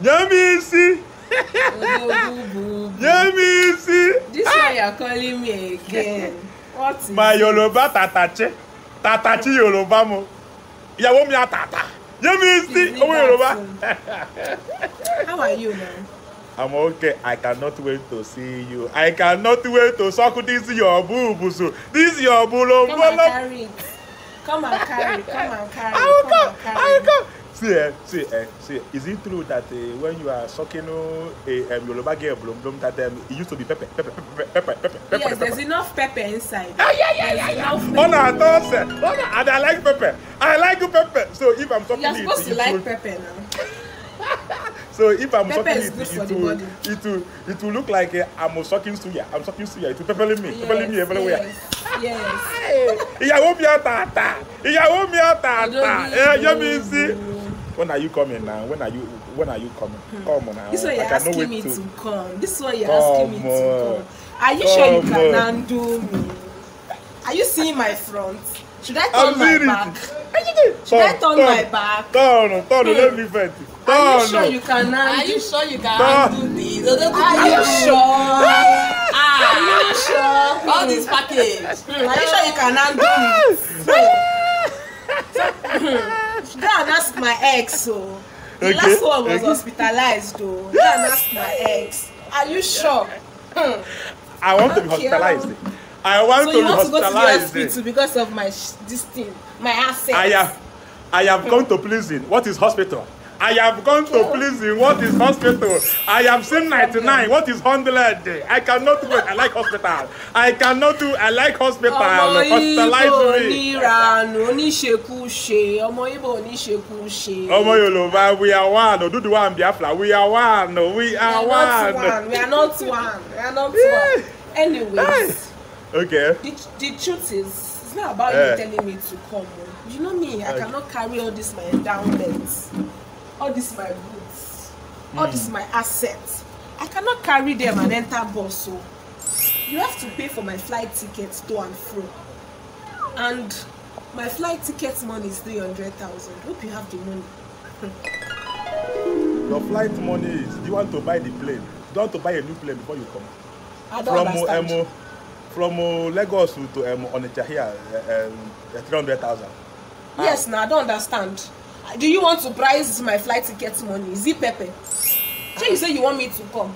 Yummy, see. Yummy, see. This ah. one you are calling me again. What is My Yoruba tatache. Tatachi Yoruba mo. Ìyàwó mi àtàtà. Yemisi. Owó Yoruba. How are you now? I'm okay. I cannot wait to see you. I cannot wait to suck this your boobs. So this your boo lo Come and carry it. Come and carry. Come and carry. I will come. come, come. I will come. See, eh, see, eh, see, is it true that uh, when you are sucking uh, eh, a um, Yoruba girl blom blom that um, it used to be pepper, pepper, pepper, pepper, pepper, pepper? Yes, pepper. there's enough pepper inside. Oh yeah, yeah, yeah, yeah. Oh, no, I thought, sir. Oh, no, and I like pepper. I like pepper. So if I'm sucking You're supposed it, to it like pepper now. so if I'm sucking it, it, will, it will, it will look like uh, I'm sucking suya. I'm sucking suya. It will pepper me, yes, pepper me everywhere. Yes. Yes. Ìyàwó mi ọ̀tà àtà. Ìyàwó mi ọ̀tà àtà. Ẹ̀yọ́ mi sí when are you coming now? When are you when are you coming? Hmm. Come on now. This is you're asking me to, to come. This is what you're come asking me to come. Are you come sure you can undo me? Are you seeing my front? Should I turn I'm my it. back? Should turn, I turn, turn my back? Turn, turn, turn let hmm. me fight. Turn. Hmm. Are you sure you can undo Are you sure you can handle hmm. this? Are you sure? Are you sure? All this package. Are you sure you can handle it? ask my ex o the okay. last one was okay. hospitalized o go and ask my ex are you sure. I want okay. to be hospitalized. Um, I want so to be hospitalized. So you want to go to the hospital because of my this thing, my asset. I have, I have gone to prison. What is hospital? I have gone to oh. prison. What is hospital? I have seen 99. What is 100? I cannot do it. I like hospital. I cannot do I like hospital. Hospitalize me. Nira àdànù oníṣekúṣe ọmọ Ìgbò oníṣekúṣe. ọmọ Yorùbá we are one òdúdú wa Biafra we are one we are one. we are not one we eh. are not one anyways. Eh. okay. the, the truth is it's not about uh, you eh. telling me to come o oh. you know me i okay. cannot carry all this my endowments all this my goods mm. all this hmm. my assets i cannot carry them and enter bus o. Oh. you have to pay for my flight ticket to and fro and my flight ticket money is 300,000. Hope you have the money. Your flight money is you want to buy the plane. You want to buy a new plane before you come. I don't from uh, understand. Emo, um, from uh, Lagos to Emo on the here, uh, um, uh, 300,000. Yes, now I don't understand. Do you want to price my flight ticket money? Is it Pepe? Shey you say you want me to come.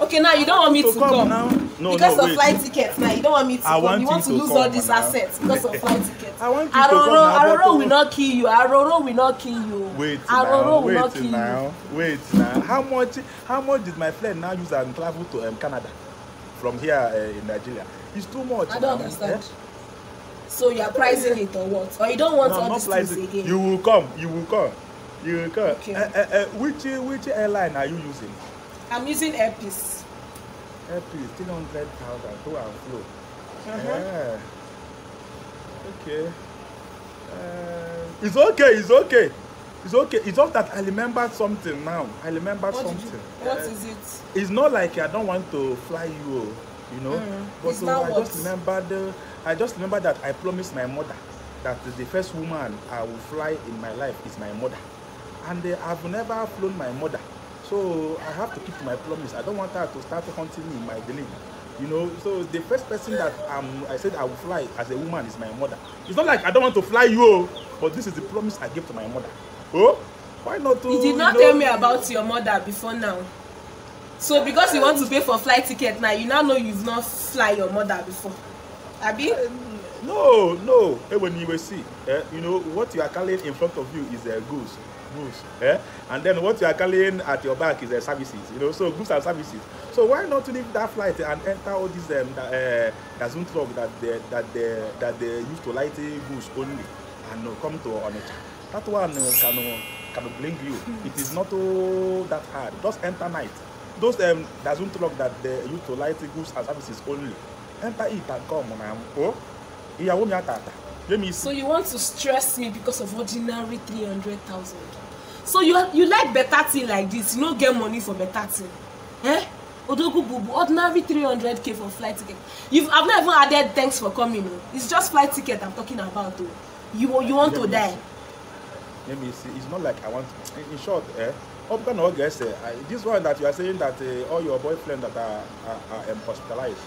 Okay, now you don't want me to, to come. come. Now no, because no, of flight tickets now you don't want me to I come want you want to, to lose all these assets because of flight tickets I want aroro aroro will not kill you aroro will not kill you wait aroro now, will wait not kill now. you wait now how much how much did my friend now use and travel to um, Canada from here uh, in Nigeria it's too much I don't eh? understand. Eh? so you are pricing it or what or you don't want no, all these things again you will come you will come you will come okay. uh, uh, uh, which which airline are you using i'm using Air Peace help you three hundred thousand to and fro. Uh-huh. Okay. Uh, it's okay. It's okay. It's okay. It's just that I remember something now. I remember what something. You, what uh, is it? It's not like I don't want to fly you, oh, you know. Mm. But so I what? just remember the. I just remember that I promised my mother that the first woman I will fly in my life is my mother, and uh, I've never flown my mother. So I have to keep my promise. I don't want her to start hunting me in my dream. You know, so the first person that um, I said I will fly as a woman is my mother. It's not like I don't want to fly you, oh, but this is the promise I gave to my mother. Oh, why not to? You did not you know, tell me about your mother before now. So because you want to pay for flight ticket now, you now know you've not fly your mother before. Abi? Eh, no, no. Hey, eh, when you will see, eh, you know what you are carrying in front of you is a goose groups. Eh? And then what you are carrying at your back is uh, services, you know, so groups and services. So why not leave that flight and enter all these um, that, uh, eh, that Zoom truck that they, that they, that they use to light goods only and uh, come to Onitsha? That one uh, can, uh, can bring you. It is not oh, that hard. Just enter night. Those um, that Zoom truck that they use to light goods and services only, enter it and come. Um, oh, ìyàwó mi àtàtà. So you want to stress me because of ordinary 300,000? so you you like better thing like this you no get money for better thing eh odogu bubu ordinary three hundred k for flight ticket you have not even added thanks for coming o oh. it's just flight ticket i'm talking about o oh. you you want let to die. See. let me see it's not like i want in short eh upcoming august eh this one that you are saying that eh, all your boyfriend that are are, are um, hospitalized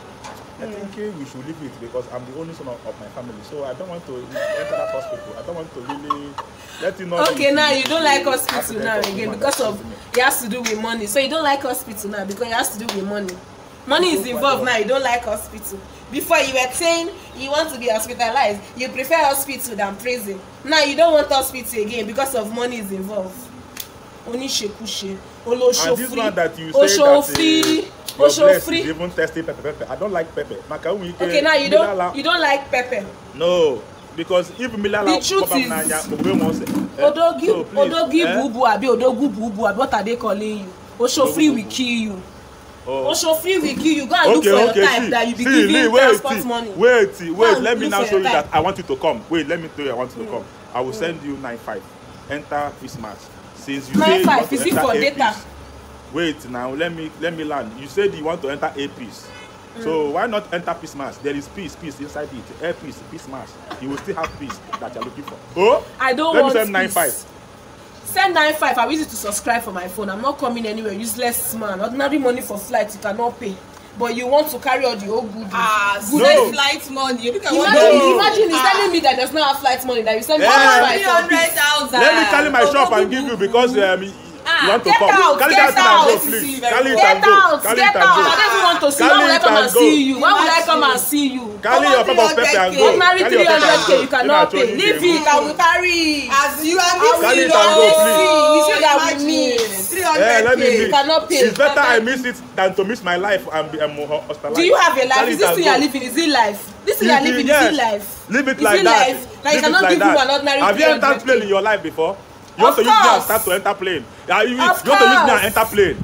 I think hmm. uh, we should leave it because I'm the only son of, of my family. So I don't want to enter that hospital. I don't want to really let you know. Okay, now you don't like hospital now again because of it has to do with money. So you don't like hospital now because it has to do with money. Money is involved now. You don't like hospital. Before you were saying you want to be hospitalized, you prefer hospital than prison. Now you don't want hospital again because of money is involved. Oníṣekúṣe, olóṣòfin, oṣòfin. Osho free. even tasting pepper pepper. I don't like pepper. Okay, now you don't you don't like pepper. No, because if Milala Baba Nanya, Obe won't say. Eh, Odogi, so Odogi eh? bubu abi Odogu bubu abi what are they calling you? Osho free will kill you. Oh. Osho free will kill you. Go and okay, look for okay, your type see, that you be see, giving wait, transport wait, money. Wait, wait, wait. Let me now show you that I want you to come. Wait, let me tell you I want you to mm. come. I will mm. send you nine five. Enter Christmas. Since you nine five, is it for data? wait now let me let me land. you said you want to enter a peace mm. so why not enter peace mass there is peace peace inside it air peace peace mass you will still have peace that you're looking for oh i don't let want me send nine five send nine five i'm easy to subscribe for my phone i'm not coming anywhere useless man ordinary money for flight you cannot pay but you want to carry all the whole goodies. ah so good no. flight money. You imagine no. imagine you ah. telling me that there's No. a flight money that you send me yeah. five for peace. let me carry my oh, shop and give you because um, you want to come out, carry that thing and go please carry it go carry it and go i don't even want to see why would i come and see you why would i come and see you carry your pepper pepper and go ordinary three k you cannot pay leave it i will carry as you are me carry it and you should have with me three hundred k you cannot pay it's better i miss it than to miss my life and be um, hospitalized do you have a life is this thing you are living is it life this thing you are living is it life live it like that live it like that like you cannot give you an ordinary have you entered plane in your life before You want to use me and start to enter plane. you, want to use me and enter plane.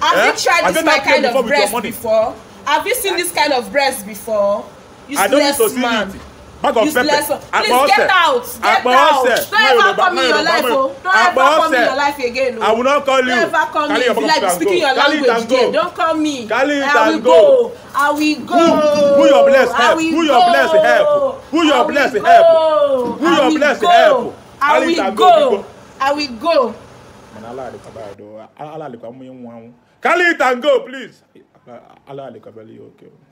Have you eh? tried this my kind of breast before? Have you seen this kind of breast before? I don't need to see man. it. Bag of pepper. Please get out. Get out. Oh. Don't ever come in your life, oh. Don't ever come in your life again, oh. I will not call you. Never come in. It's like speaking your language again. Don't call me. I will go. I will go. Who your blessed help? Who your blessed help? Who your blessed help? Who your blessed help? I will go. I will go. Kali, go, please. Allah, go, please. Allah, Allah, Allah, okay.